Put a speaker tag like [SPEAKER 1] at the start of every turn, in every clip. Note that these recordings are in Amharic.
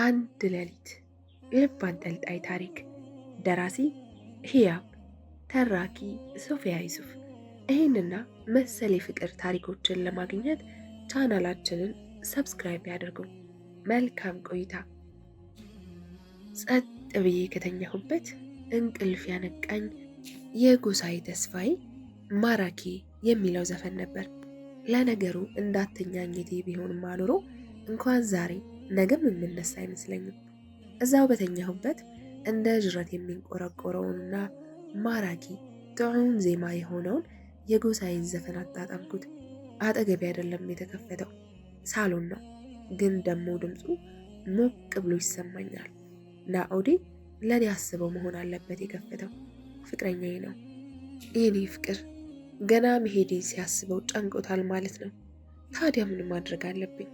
[SPEAKER 1] አንድ ሌሊት ልብ አንጠልጣይ ታሪክ። ደራሲ ህያብ፣ ተራኪ ሶፊያ ይሱፍ። ይህንና መሰል የፍቅር ታሪኮችን ለማግኘት ቻናላችንን ሰብስክራይብ ያድርጉ። መልካም ቆይታ። ጸጥ ብዬ ከተኛሁበት እንቅልፍ ያነቃኝ የጎሳዬ ተስፋዬ ማራኪ የሚለው ዘፈን ነበር። ለነገሩ እንዳተኛኘቴ ቢሆን ማኖሮ እንኳን ዛሬ ነገም የምነሳ አይመስለኝም። እዛው በተኛሁበት እንደ ጅረት የሚንቆረቆረውንና ማራኪ ጥዑም ዜማ የሆነውን የጎሳዬን ዘፈን አጣጣምኩት። አጠገቤ አይደለም የተከፈተው፣ ሳሎን ነው። ግን ደግሞ ድምፁ ሞቅ ብሎ ይሰማኛል። ናኦዴ ለእኔ አስበው መሆን አለበት የከፈተው። ፍቅረኛዬ ነው። የኔ ፍቅር ገና መሄዴ ሲያስበው ጨንቆታል ማለት ነው። ታዲያ ምን ማድረግ አለብኝ?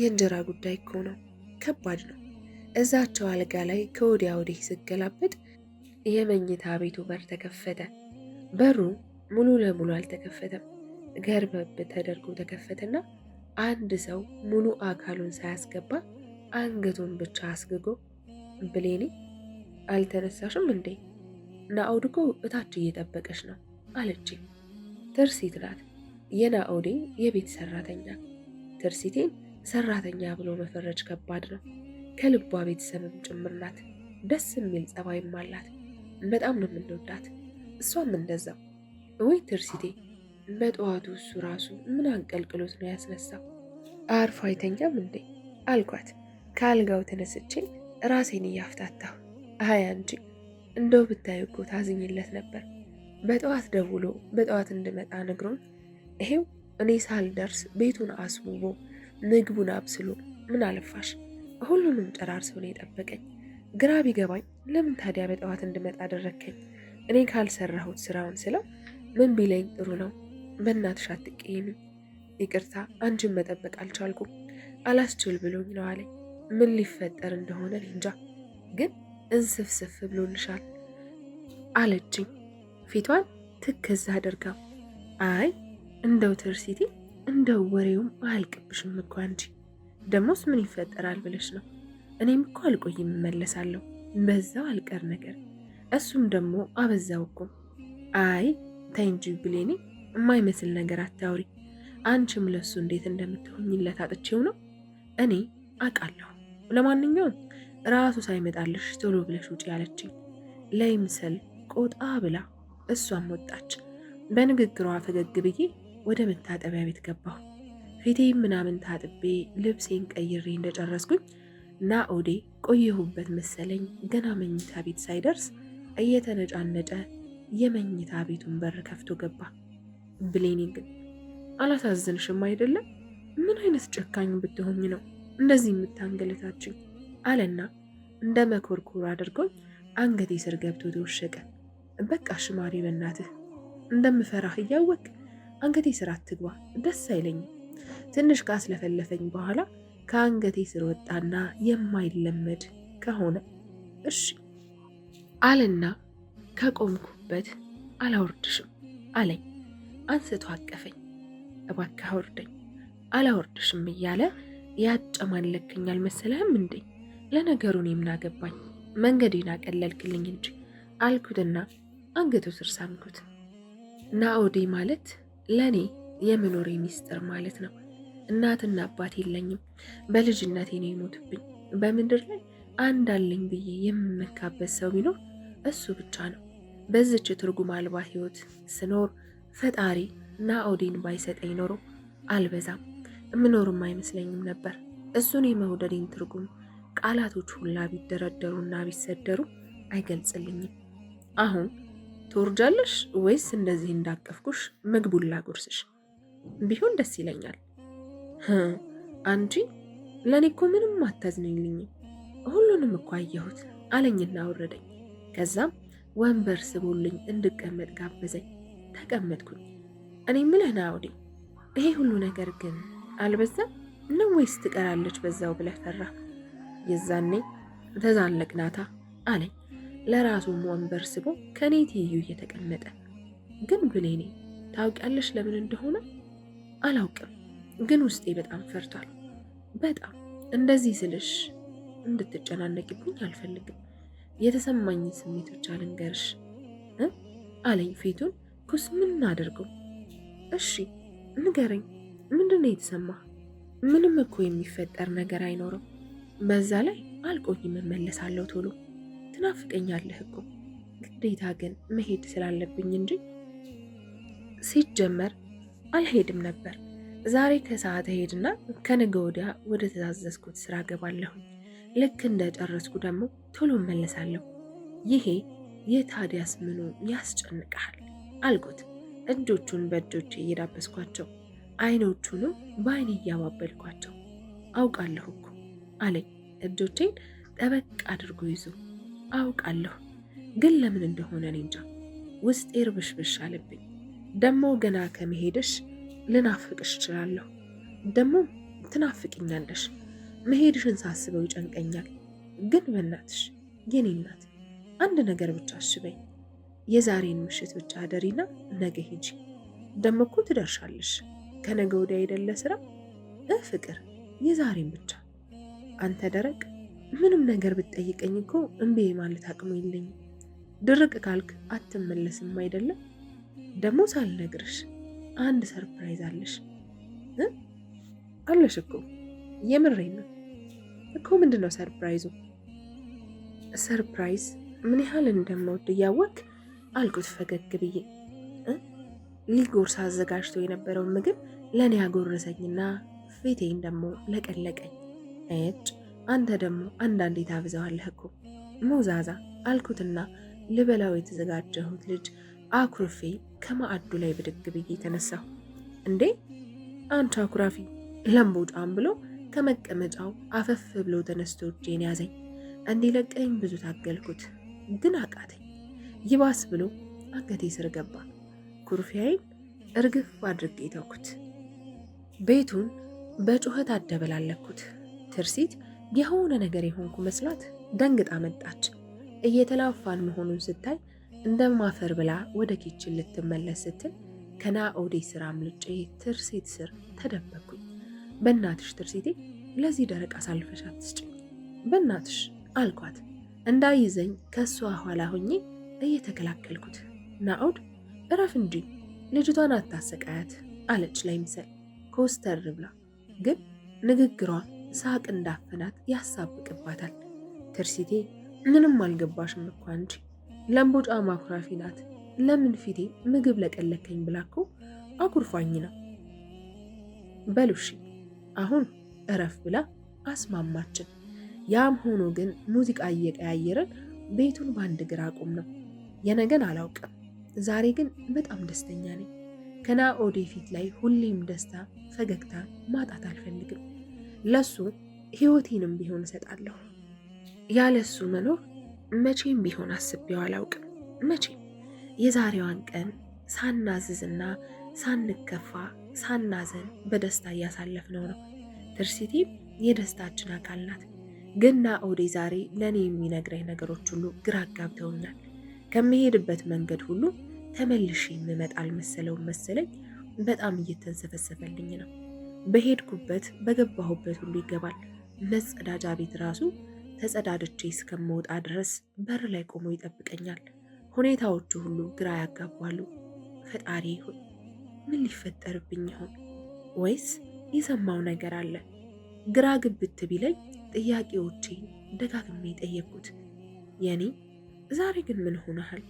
[SPEAKER 1] የእንጀራ ጉዳይ እኮ ነው፣ ከባድ ነው። እዛቸው አልጋ ላይ ከወዲያ ወዲህ ስገላበጥ የመኝታ ቤቱ በር ተከፈተ። በሩ ሙሉ ለሙሉ አልተከፈተም፣ ገርበብ ተደርጎ ተከፈተና አንድ ሰው ሙሉ አካሉን ሳያስገባ አንገቱን ብቻ አስግጎ ብሌኔ አልተነሳሽም እንዴ? ናኦድ እኮ እታች እየጠበቀች ነው አለች። ትርሲት ናት የናኦዴ የቤት ሰራተኛ። ትርሲቴን ሰራተኛ ብሎ መፈረጅ ከባድ ነው። ከልቧ ቤተሰብም ጭምር ናት። ደስ የሚል ጸባይም አላት። በጣም ነው የምንወዳት። እሷም እንደዛው። ወይ ትርሲቴ! በጠዋቱ እሱ ራሱ ምን አንቀልቅሎት ነው ያስነሳው? አርፎ አይተኛም እንዴ አልኳት። ከአልጋው ተነስቼ ራሴን እያፍታታሁ፣ አይ አንቺ እንደው ብታዩ እኮ ታዝኝለት ነበር። በጠዋት ደውሎ በጠዋት እንድመጣ ነግሮን፣ ይሄው እኔ ሳልደርስ ቤቱን አስውቦ ምግቡን አብስሎ ምን አለፋሽ ሁሉንም ጨራር ነው የጠበቀኝ። ግራ ቢገባኝ ለምን ታዲያ በጠዋት እንድመጣ አደረግከኝ? እኔ ካልሰራሁት ስራውን ስለው ምን ቢለኝ ጥሩ ነው? በእናትሽ አትቀየሚ፣ ይቅርታ አንቺን መጠበቅ አልቻልኩም፣ አላስችል ብሎኝ ነው አለኝ። ምን ሊፈጠር እንደሆነ እንጃ፣ ግን እንስፍስፍ ብሎልሻል አለችኝ ፊቷን ትክዝ አድርጋ። አይ እንደው ትርሲቲ እንደው ወሬውም አይቅብሽም እኮ አንቺ። ደሞስ ምን ይፈጠራል ብለሽ ነው? እኔም እኮ አልቆይም እመለሳለሁ፣ በዛው አልቀር ነገር። እሱም ደግሞ አበዛው እኮ። አይ ተይ እንጂ ብሌኔ፣ የማይመስል ነገር አታውሪ። አንቺም ለሱ እንዴት እንደምትሆኝለት አጥቼው ነው እኔ አውቃለሁ። ለማንኛውም ራሱ ሳይመጣልሽ ቶሎ ብለሽ ውጪ ያለችኝ ለይምሰል ቆጣ ብላ እሷም ወጣች። በንግግሯ ፈገግ ብዬ ወደ መታጠቢያ ቤት ገባሁ ፊቴም ምናምን ታጥቤ ልብሴን ቀይሬ እንደጨረስኩኝ ናኦዴ ቆየሁበት መሰለኝ። ገና መኝታ ቤት ሳይደርስ እየተነጫነጨ የመኝታ ቤቱን በር ከፍቶ ገባ። ብሌኒ ግን አላሳዝንሽም አይደለም? ምን አይነት ጨካኝ ብትሆኝ ነው እንደዚህ የምታንገለታችኝ? አለና እንደ መኮርኮር አድርጎኝ አንገቴ ስር ገብቶ ተወሸቀ። በቃ ሽማሪ በናትህ እንደምፈራህ እያወቅ አንገቴ ስር አትግባ፣ ደስ አይለኝም። ትንሽ ካስለፈለፈኝ በኋላ ከአንገቴ ስር ወጣና የማይለመድ ከሆነ እሺ አለና ከቆምኩበት አላወርድሽም አለኝ። አንስቶ አቀፈኝ። እባክህ አውርደኝ፣ አላወርድሽም እያለ ያጨማለክኛል መሰለህም እንዴ? ለነገሩ እኔ ምን አገባኝ፣ መንገዴን አቀለልክልኝ እንጂ አልኩትና አንገቱ ስር ሳምኩት። ናኦዴ ማለት ለእኔ የመኖሬ ሚስጥር ማለት ነው። እናትና አባት የለኝም። በልጅነቴ ነው የሞትብኝ። በምድር ላይ አንድ አለኝ ብዬ የምመካበት ሰው ቢኖር እሱ ብቻ ነው። በዚች ትርጉም አልባ ህይወት ስኖር ፈጣሪ ናኦዴን ባይሰጠኝ ኖሮ አልበዛም፣ የምኖርም አይመስለኝም ነበር። እሱን የመውደዴን ትርጉም ቃላቶች ሁላ ቢደረደሩና ቢሰደሩ አይገልጽልኝም አሁን ትወርጃለሽ ወይስ እንደዚህ እንዳቀፍኩሽ ምግቡን ላጎርስሽ ቢሆን ደስ ይለኛል። አንቺ ለእኔ እኮ ምንም አታዝንልኝ፣ ሁሉንም እኮ አየሁት አለኝና አወረደኝ። ከዛም ወንበር ስቦልኝ እንድቀመጥ ጋበዘኝ። ተቀመጥኩኝ። እኔ ምልህ ናኦል፣ ይሄ ሁሉ ነገር ግን አልበዛም ነው ወይስ ትቀራለች በዛው ብለህ ፈራ? የዛኔ ተዛለቅናታ አለኝ። ለራሱም ወንበር ስቦ ከኔ ትይዩ እየተቀመጠ ግን ብሌኔ ታውቂያለሽ ለምን እንደሆነ አላውቅም፣ ግን ውስጤ በጣም ፈርቷል። በጣም እንደዚህ ስልሽ እንድትጨናነቂብኝ አልፈልግም። የተሰማኝ ስሜቶች አልንገርሽ አለኝ ፊቱን ኩስ ምን አድርገው። እሺ ንገረኝ፣ ምንድን ነው የተሰማ? ምንም እኮ የሚፈጠር ነገር አይኖርም። በዛ ላይ አልቆኝ መመለሳለሁ ቶሎ ትናፍቀኛለህ እኮ ግዴታ ግን መሄድ ስላለብኝ እንጂ ሲጀመር አልሄድም ነበር። ዛሬ ከሰዓት ሄድና ከነገ ወዲያ ወደ ተዛዘዝኩት ስራ ገባለሁ ልክ እንደ ጨረስኩ ደግሞ ቶሎ መለሳለሁ። ይሄ የታዲያስ ምኑ ያስጨንቀሃል? አልኩት። እጆቹን በእጆች እየዳበስኳቸው አይኖቹንም በአይን እያባበልኳቸው አውቃለሁ እኮ አለኝ እጆቼን ጠበቅ አድርጎ ይዞ አውቃለሁ፣ ግን ለምን እንደሆነ እኔ እንጃ ውስጤ ርብሽብሽ አለብኝ። ደሞ ገና ከመሄድሽ ልናፍቅሽ እችላለሁ፣ ደሞ ትናፍቅኛለሽ። መሄድሽን ሳስበው ይጨንቀኛል። ግን በእናትሽ የኔ እናት አንድ ነገር ብቻ አስበኝ። የዛሬን ምሽት ብቻ አደሪና ነገ ሂጂ። ደሞ እኮ ትደርሻለሽ። ከነገ ወዲያ አይደለ ስራ ፍቅር፣ የዛሬን ብቻ አንተ ደረቅ ምንም ነገር ብትጠይቀኝ እኮ እምቢ ማለት አቅሙ የለኝም። ድርቅ ካልክ አትመለስም አይደለም? ደግሞ ሳልነግርሽ አንድ ሰርፕራይዝ አለሽ አለሽ እኮ የምሬ ነው እኮ። ምንድን ነው ሰርፕራይዙ? ሰርፕራይዝ ምን ያህል እንደምወድ እያወቅ አልኩት ፈገግ ብዬ። ሊጎርስ አዘጋጅቶ የነበረውን ምግብ ለእኔ ያጎረሰኝና ፊቴ ደግሞ ለቀለቀኝ። እጭ አንተ ደግሞ አንዳንዴ ታብዘዋለህ እኮ ሙዛዛ አልኩትና ልበላው የተዘጋጀሁት ልጅ አኩርፌ ከማዕዱ ላይ ብድግ ብዬ ተነሳሁ። እንዴ አንቺ አኩራፊ ለምቦጫም ብሎ ከመቀመጫው አፈፍ ብሎ ተነስቶ እጄን ያዘኝ። እንዲለቀኝ ብዙ ታገልኩት፣ ግን አቃተኝ። ይባስ ብሎ አንገቴ ስር ገባ። ኩርፊያዬን እርግፍ አድርጌ ተውኩት። ቤቱን በጩኸት አደበላለኩት። ትርሲት የሆነ ነገር የሆንኩ መስሏት ደንግጣ መጣች። እየተላፋን መሆኑን ስታይ እንደማፈር ብላ ወደ ኪችን ልትመለስ ስትል ኦዴ ስራ አምልጬ ትርሴት ስር ተደበኩኝ። በእናትሽ ትርሴቴ፣ ለዚህ ደረቅ አሳልፈሽ አትስጭኝ በእናትሽ አልኳት። እንዳይዘኝ ከእሷ ኋላ ሆኜ እየተከላከልኩት ናኦድ እረፍ እንጂ ልጅቷን አታሰቃያት አለች። ላይ ምሰል ኮስተር ብላ ግን ንግግሯ ሳቅ እንዳፈናት ያሳብቅባታል። ትርሲቴ ምንም አልገባሽም እኮ አንቺ ለምቦጫ ማኩራፊ ናት። ለምን ፊቴ ምግብ ለቀለከኝ ብላኮ አኩርፋኝ ነው። በሉሽ አሁን እረፍ ብላ አስማማችን። ያም ሆኖ ግን ሙዚቃ እየቀያየርን ቤቱን በአንድ እግር አቁም ነው። የነገን አላውቅም፣ ዛሬ ግን በጣም ደስተኛ ነኝ። ከናኦዴ ፊት ላይ ሁሌም ደስታ ፈገግታ ማጣት አልፈልግም። ለሱ ህይወቴንም ቢሆን እሰጣለሁ። ያለሱ መኖር መቼም ቢሆን አስቤው አላውቅም። መቼም የዛሬዋን ቀን ሳናዝዝና ሳንከፋ ሳናዘን በደስታ እያሳለፍነው ነው። ትርሲቴም የደስታችን አካል ናት። ግና ኦዴ ዛሬ ለእኔ የሚነግረኝ ነገሮች ሁሉ ግራ አጋብተውኛል። ከምሄድበት መንገድ ሁሉ ተመልሼ የምመጣ አልመሰለውም መሰለኝ። በጣም እየተንሰፈሰፈልኝ ነው። በሄድኩበት በገባሁበት ሁሉ ይገባል። መጸዳጃ ቤት ራሱ ተጸዳድቼ እስከመውጣ ድረስ በር ላይ ቆሞ ይጠብቀኛል። ሁኔታዎቹ ሁሉ ግራ ያጋባሉ። ፈጣሪ ይሁን ምን ሊፈጠርብኝ ይሆን? ወይስ የሰማው ነገር አለ? ግራ ግብት ቢለኝ ጥያቄዎቼን ደጋግሜ የጠየቅኩት የኔ ዛሬ ግን ምን ሆነሃል?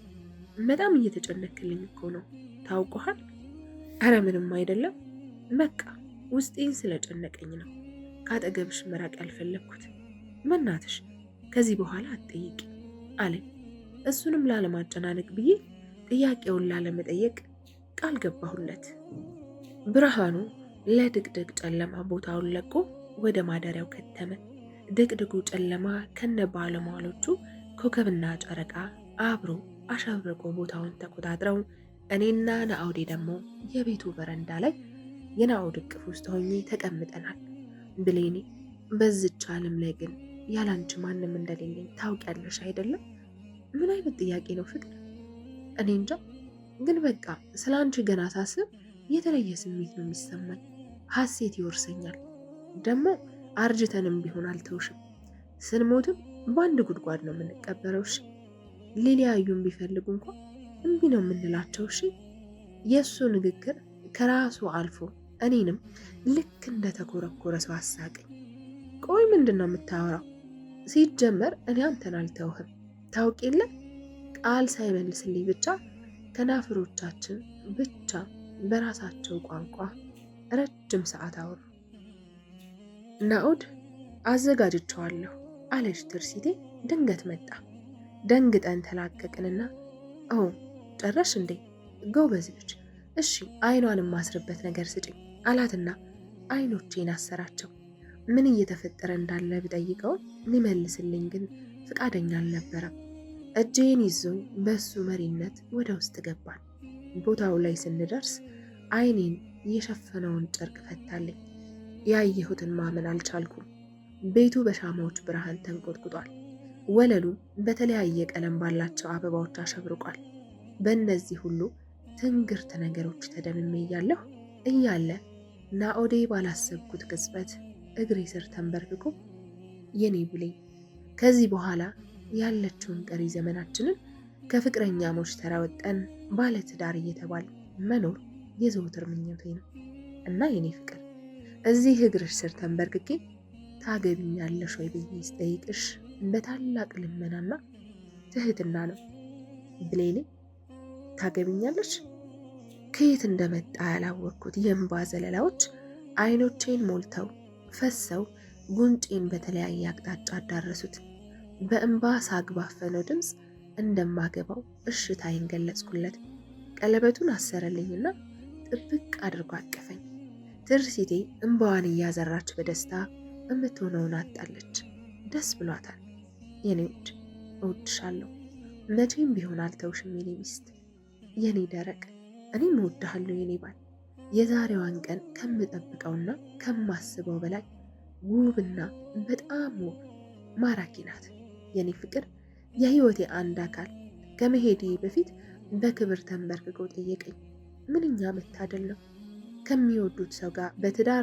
[SPEAKER 1] በጣም እየተጨነክልኝ እኮ ነው ታውቀሃል። አረ ምንም አይደለም በቃ ውስጤን ስለጨነቀኝ ነው ከአጠገብሽ መራቅ ያልፈለግኩት። መናትሽ ከዚህ በኋላ አትጠይቂ አለኝ። እሱንም ላለማጨናነቅ ብዬ ጥያቄውን ላለመጠየቅ ቃል ገባሁለት። ብርሃኑ ለድቅድቅ ጨለማ ቦታውን ለቆ ወደ ማደሪያው ከተመ። ድቅድቁ ጨለማ ከነ ባለሟሎቹ ኮከብና ጨረቃ አብሮ አሸብርቆ ቦታውን ተቆጣጥረው እኔና ነአውዴ ደግሞ የቤቱ በረንዳ ላይ የናኦድ እቅፍ ውስጥ ሆኜ ተቀምጠናል። ብሌኔ፣ በዝች ዓለም ላይ ግን ያላንቺ ማንም እንደሌለኝ ታውቂያለሽ አይደለም? ምን አይነት ጥያቄ ነው ፍቅር? እኔ እንጃ፣ ግን በቃ ስለ አንቺ ገና ሳስብ የተለየ ስሜት ነው የሚሰማኝ። ሀሴት ይወርሰኛል። ደግሞ አርጅተንም ቢሆን አልተውሽም። ስንሞትም በአንድ ጉድጓድ ነው የምንቀበረው። እሺ፣ ሊለያዩን ቢፈልጉ እንኳ እምቢ ነው የምንላቸው። እሺ። የእሱ ንግግር ከራሱ አልፎ እኔንም ልክ እንደተኮረኮረ ሰው አሳቀኝ። ቆይ ምንድን ነው የምታወራው? ሲጀመር እኔ አንተን አልተውህም ታውቅ የለ ቃል ሳይመልስልኝ ብቻ ከናፍሮቻችን ብቻ በራሳቸው ቋንቋ ረጅም ሰዓት አወሩ። ናኡድ አዘጋጅቸዋለሁ አለች ትርሲቴ። ድንገት መጣ። ደንግጠን ተላቀቅንና ኦ ጨረሽ እንዴ? ጎበዝ ልጅ። እሺ አይኗን የማስርበት ነገር ስጭኝ አላትና አይኖቼን አሰራቸው። ምን እየተፈጠረ እንዳለ ብጠይቀው ሊመልስልኝ ግን ፍቃደኛ አልነበረም። እጄን ይዞኝ በሱ መሪነት ወደ ውስጥ ገባን። ቦታው ላይ ስንደርስ አይኔን የሸፈነውን ጨርቅ ፈታልኝ። ያየሁትን ማመን አልቻልኩም። ቤቱ በሻማዎች ብርሃን ተንቆጥቁጧል። ወለሉ በተለያየ ቀለም ባላቸው አበባዎች አሸብርቋል። በእነዚህ ሁሉ ትንግርት ነገሮች ተደምሜ እያለሁ እያለ ናኦዴ ባላሰብኩት ቅጽበት እግሬ ስር ተንበርክኮ የኔ ብሌ ከዚህ በኋላ ያለችውን ቀሪ ዘመናችንን ከፍቅረኛሞች ተራወጠን ባለ ትዳር እየተባል መኖር የዘወትር ምኞቴ ነው እና የኔ ፍቅር እዚህ እግርሽ ስር ተንበርክኬ ታገቢኛለሽ ወይ ብዬ ስጠይቅሽ በታላቅ ልመናና ትህትና ነው። ብሌኔ ታገቢኛለሽ? ከየት እንደመጣ ያላወቅኩት የእንባ ዘለላዎች አይኖቼን ሞልተው ፈሰው ጉንጬን በተለያየ አቅጣጫ አዳረሱት። በእንባ ሳግባፈነው ድምፅ እንደማገባው እሽታዬን ገለጽኩለት። ቀለበቱን አሰረልኝና ጥብቅ አድርጎ አቀፈኝ። ትርሲቴ እንባዋን እያዘራች በደስታ እምትሆነውን አጣለች። ደስ ብሏታል። የኔ ውድ እወድሻለሁ፣ መቼም ቢሆን አልተውሽም የኔ ሚስት፣ የኔ ደረቅ እኔም እወድሃለሁ የኔ ባል። የዛሬዋን ቀን ከምጠብቀውና ከማስበው በላይ ውብና በጣም ውብ ማራኪ ናት። የኔ ፍቅር፣ የህይወቴ አንድ አካል። ከመሄዴ በፊት በክብር ተንበርክቆ ጠየቀኝ። ምንኛ መታደል ነው! ከሚወዱት ሰው ጋር በትዳር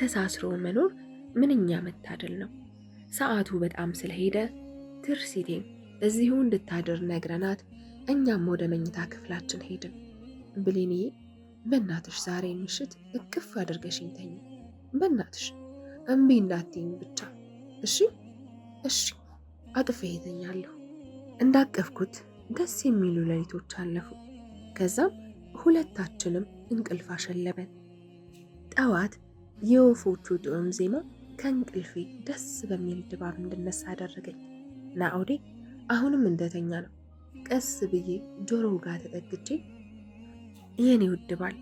[SPEAKER 1] ተሳስሮ መኖር ምንኛ መታደል ነው! ሰዓቱ በጣም ስለሄደ ትርሲቴም እዚሁ እንድታድር ነግረናት እኛም ወደ መኝታ ክፍላችን ሄድን። ብሌንዬ በእናትሽ ዛሬ ምሽት እቅፍ አድርገሽኝ ተኝ። በእናትሽ እምቢ እንዳትይኝ ብቻ እሺ? እሺ አቅፌ እተኛለሁ። እንዳቀፍኩት ደስ የሚሉ ሌሊቶች አለፉ። ከዛም ሁለታችንም እንቅልፍ አሸለበን። ጠዋት የወፎቹ ጥዑም ዜማ ከእንቅልፌ ደስ በሚል ድባብ እንድነሳ አደረገኝ። ናኦዴ አሁንም እንደተኛ ነው። ቀስ ብዬ ጆሮ ጋር ተጠግቼ የኔ ውድ ባል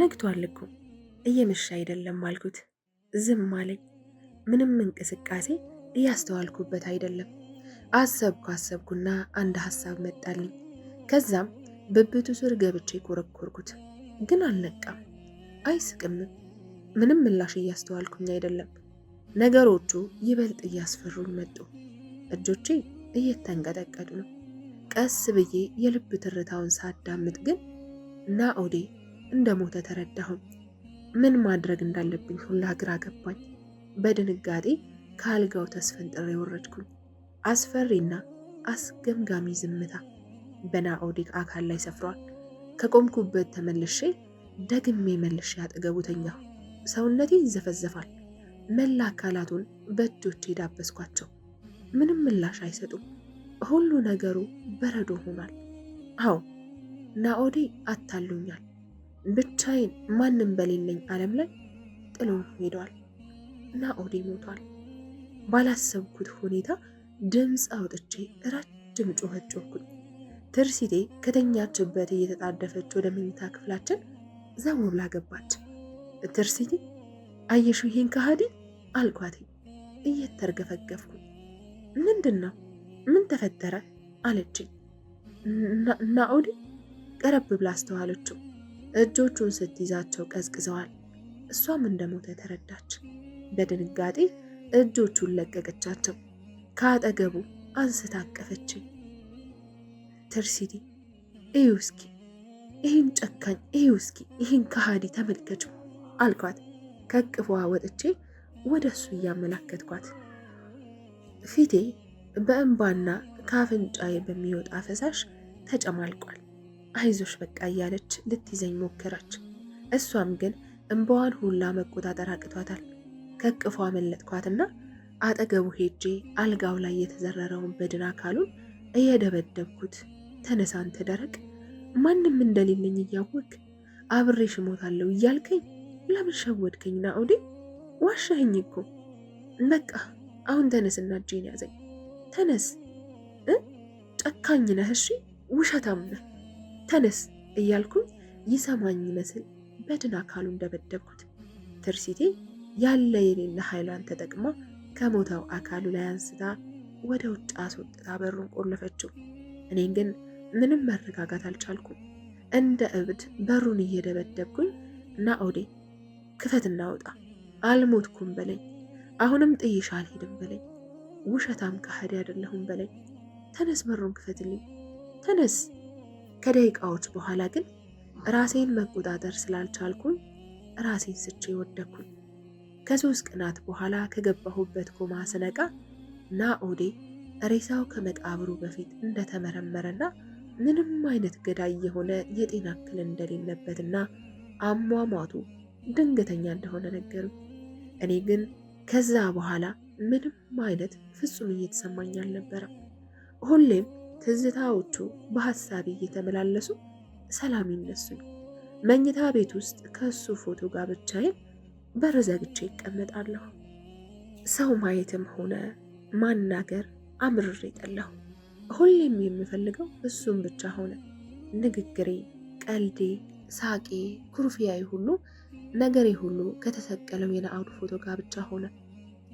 [SPEAKER 1] ነግቷል እኮ እየመሸ አይደለም አልኩት። ዝም አለኝ። ምንም እንቅስቃሴ እያስተዋልኩበት አይደለም። አሰብኩ አሰብኩና አንድ ሀሳብ መጣልኝ። ከዛም ብብቱ ስር ገብቼ ኮረኮርኩት፣ ግን አልነቃም፣ አይስቅምም። ምንም ምላሽ እያስተዋልኩኝ አይደለም። ነገሮቹ ይበልጥ እያስፈሩኝ መጡ። እጆቼ እየተንቀጠቀጡ ነው። ቀስ ብዬ የልብ ትርታውን ሳዳምጥ ግን ናኦዴ እንደ ሞተ ተረዳሁም። ምን ማድረግ እንዳለብኝ ሁላ ግራ ገባኝ። በድንጋጤ ከአልጋው ተስፈንጥሬ ወረድኩኝ። አስፈሪና አስገምጋሚ ዝምታ በናኦዴ አካል ላይ ሰፍሯል። ከቆምኩበት ተመልሼ ደግሜ መልሼ አጠገቡ ተኛሁ። ሰውነቴ ይዘፈዘፋል። መላ አካላቱን በእጆቼ ዳበስኳቸው። ምንም ምላሽ አይሰጡም። ሁሉ ነገሩ በረዶ ሆኗል። አዎ ናኦዴ አታሉኛል፣ ብቻዬን ማንም በሌለኝ ዓለም ላይ ጥሎ ሄዷል። ናኦዴ ሞቷል። ባላሰብኩት ሁኔታ ድምፅ አውጥቼ ረጅም ጮኸት ጮኩኝ። ትርሲቴ ከተኛችበት እየተጣደፈች ወደ መኝታ ክፍላችን ዘው ብላ ገባች። ትርሲቴ አየሹ ይሄን ከሃዲ አልኳት እየተርገፈገፍኩኝ። ምንድን ነው ምን ተፈጠረ አለችኝ ናኦዴ ቀረብ ብላ አስተዋለችው። እጆቹን ስትይዛቸው ቀዝቅዘዋል። እሷም እንደሞተ ተረዳች። በድንጋጤ እጆቹን ለቀቀቻቸው። ከአጠገቡ አንስታ አቀፈችኝ። ተርሲዲ እዩ እስኪ ይህን ጨካኝ እዩ እስኪ ይህን ከሃዲ ተመልከች አልኳት። ከቅፏ ወጥቼ ወደ እሱ እያመላከትኳት ፊቴ በእንባና ከአፍንጫዬ በሚወጣ ፈሳሽ ተጨማልቋል። አይዞሽ በቃ እያለች ልትይዘኝ ሞከረች። እሷም ግን እምባዋን ሁላ መቆጣጠር አቅቷታል። ከቅፏ መለጥኳትና አጠገቡ ሄጄ አልጋው ላይ የተዘረረውን በድን አካሉን እየደበደብኩት ተነሳን ተደረቅ ማንም እንደሌለኝ እያወቅ አብሬ እሞታለሁ እያልከኝ ለምን ሸወድከኝ? ኦዴ ዋሻኸኝ እኮ በቃ አሁን ተነስና እጄን ያዘኝ። ተነስ ጨካኝ ነህ፣ እሺ ውሸታም ነህ። ተነስ እያልኩኝ ይሰማኝ ይመስል በድን አካሉ እንደበደብኩት ትርሲቴ ያለ የሌለ ኃይሏን ተጠቅማ ከሞተው አካሉ ላይ አንስታ ወደ ውጭ አስወጥታ በሩን ቆለፈችው። እኔን ግን ምንም መረጋጋት አልቻልኩም። እንደ እብድ በሩን እየደበደብኩኝ ኦዴ ክፈት እናውጣ፣ አልሞትኩም በለኝ፣ አሁንም ጥይሽ አልሄድም በለኝ፣ ውሸታም ከሃዲ አይደለሁም በለኝ፣ ተነስ፣ በሩን ክፈትልኝ፣ ተነስ ከደቂቃዎች በኋላ ግን ራሴን መቆጣጠር ስላልቻልኩኝ ራሴን ስቼ ወደኩኝ። ከሶስት ቀናት በኋላ ከገባሁበት ኮማ ስነቃ ናኦዴ ሬሳው ከመቃብሩ በፊት እንደተመረመረና ምንም አይነት ገዳይ የሆነ የጤና እክል እንደሌለበትና አሟሟቱ ድንገተኛ እንደሆነ ነገሩ። እኔ ግን ከዛ በኋላ ምንም አይነት ፍጹም እየተሰማኝ አልነበረም። ሁሌም ትዝታዎቹ በሐሳቤ እየተመላለሱ ሰላም ይነሱኝ። መኝታ ቤት ውስጥ ከእሱ ፎቶ ጋር ብቻዬን በር ዘግቼ ይቀመጣለሁ። ሰው ማየትም ሆነ ማናገር አምርሬ ጠላሁ። ሁሌም የምፈልገው እሱም ብቻ ሆነ። ንግግሬ፣ ቀልዴ፣ ሳቄ፣ ኩርፊያዬ ሁሉ ነገሬ ሁሉ ከተሰቀለው የነአዱ ፎቶ ጋር ብቻ ሆነ።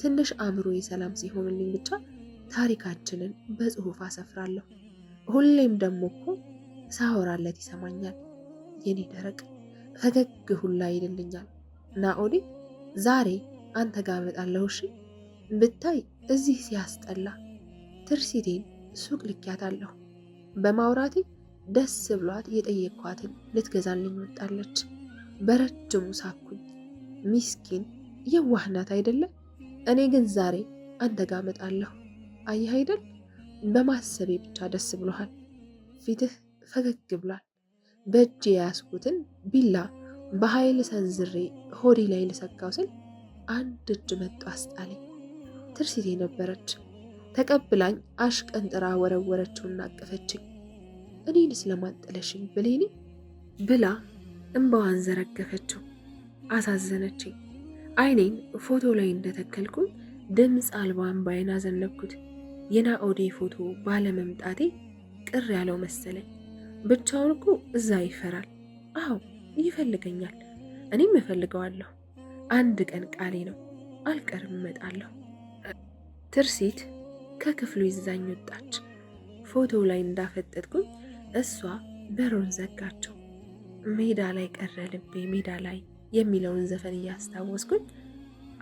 [SPEAKER 1] ትንሽ አእምሮ የሰላም ሲሆንልኝ ብቻ ታሪካችንን በጽሑፍ አሰፍራለሁ። ሁሌም ደግሞ እኮ ሳወራለት ይሰማኛል። የኔ ደረቅ ፈገግ ሁላ ይልልኛል። ናኦዲ ዛሬ አንተ ጋር እመጣለሁ እሺ። ብታይ እዚህ ሲያስጠላ ትርሲቴን ሱቅ ልኪያታለሁ። በማውራቴ ደስ ብሏት የጠየቅኳትን ልትገዛልኝ ወጣለች። በረጅሙ ሳኩኝ። ሚስኪን የዋህናት አይደለም። እኔ ግን ዛሬ አንተ ጋር እመጣለሁ። አየህ አይደል በማሰቤ ብቻ ደስ ብሎሃል። ፊትህ ፈገግ ብሏል። በእጅ የያዝኩትን ቢላ በኃይል ሰንዝሬ ሆዴ ላይ ልሰካው ስል አንድ እጅ መጡ አስጣለኝ። ትርሲቴ ነበረች። ተቀብላኝ አሽቀንጥራ ወረወረችውና አቀፈችኝ። እኔን ስለማንጠለሽኝ ብሌኒ ብላ እንባዋን ዘረገፈችው። አሳዘነችኝ። አይኔን ፎቶ ላይ እንደተከልኩ ድምፅ አልባ እምባዬን አዘነብኩት። የናኦዴ ፎቶ ባለመምጣቴ ቅር ያለው መሰለኝ። ብቻውን እኮ እዛ ይፈራል። አዎ ይፈልገኛል፣ እኔም እፈልገዋለሁ። አንድ ቀን ቃሌ ነው፣ አልቀርም፣ እመጣለሁ። ትርሲት ከክፍሉ ይዛኝ ወጣች። ፎቶው ላይ እንዳፈጠጥኩኝ እሷ በሩን ዘጋቸው። ሜዳ ላይ ቀረ ልቤ ሜዳ ላይ የሚለውን ዘፈን እያስታወስኩኝ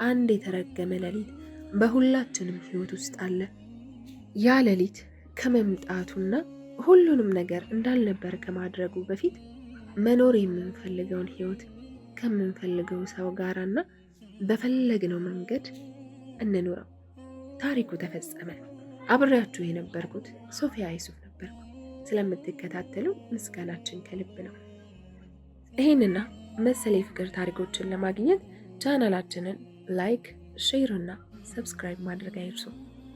[SPEAKER 1] አንድ የተረገመ ሌሊት በሁላችንም ሕይወት ውስጥ አለ። ያ ሌሊት ከመምጣቱና ሁሉንም ነገር እንዳልነበር ከማድረጉ በፊት መኖር የምንፈልገውን ህይወት ከምንፈልገው ሰው ጋራና በፈለግነው መንገድ እንኖረው። ታሪኩ ተፈጸመ። አብሬያችሁ የነበርኩት ሶፊያ ይሱፍ ነበርኩ። ስለምትከታተሉ ምስጋናችን ከልብ ነው። ይህንና መሰል የፍቅር ታሪኮችን ለማግኘት ቻናላችንን ላይክ፣ ሼር እና ሰብስክራይብ ማድረግ አይርሱም።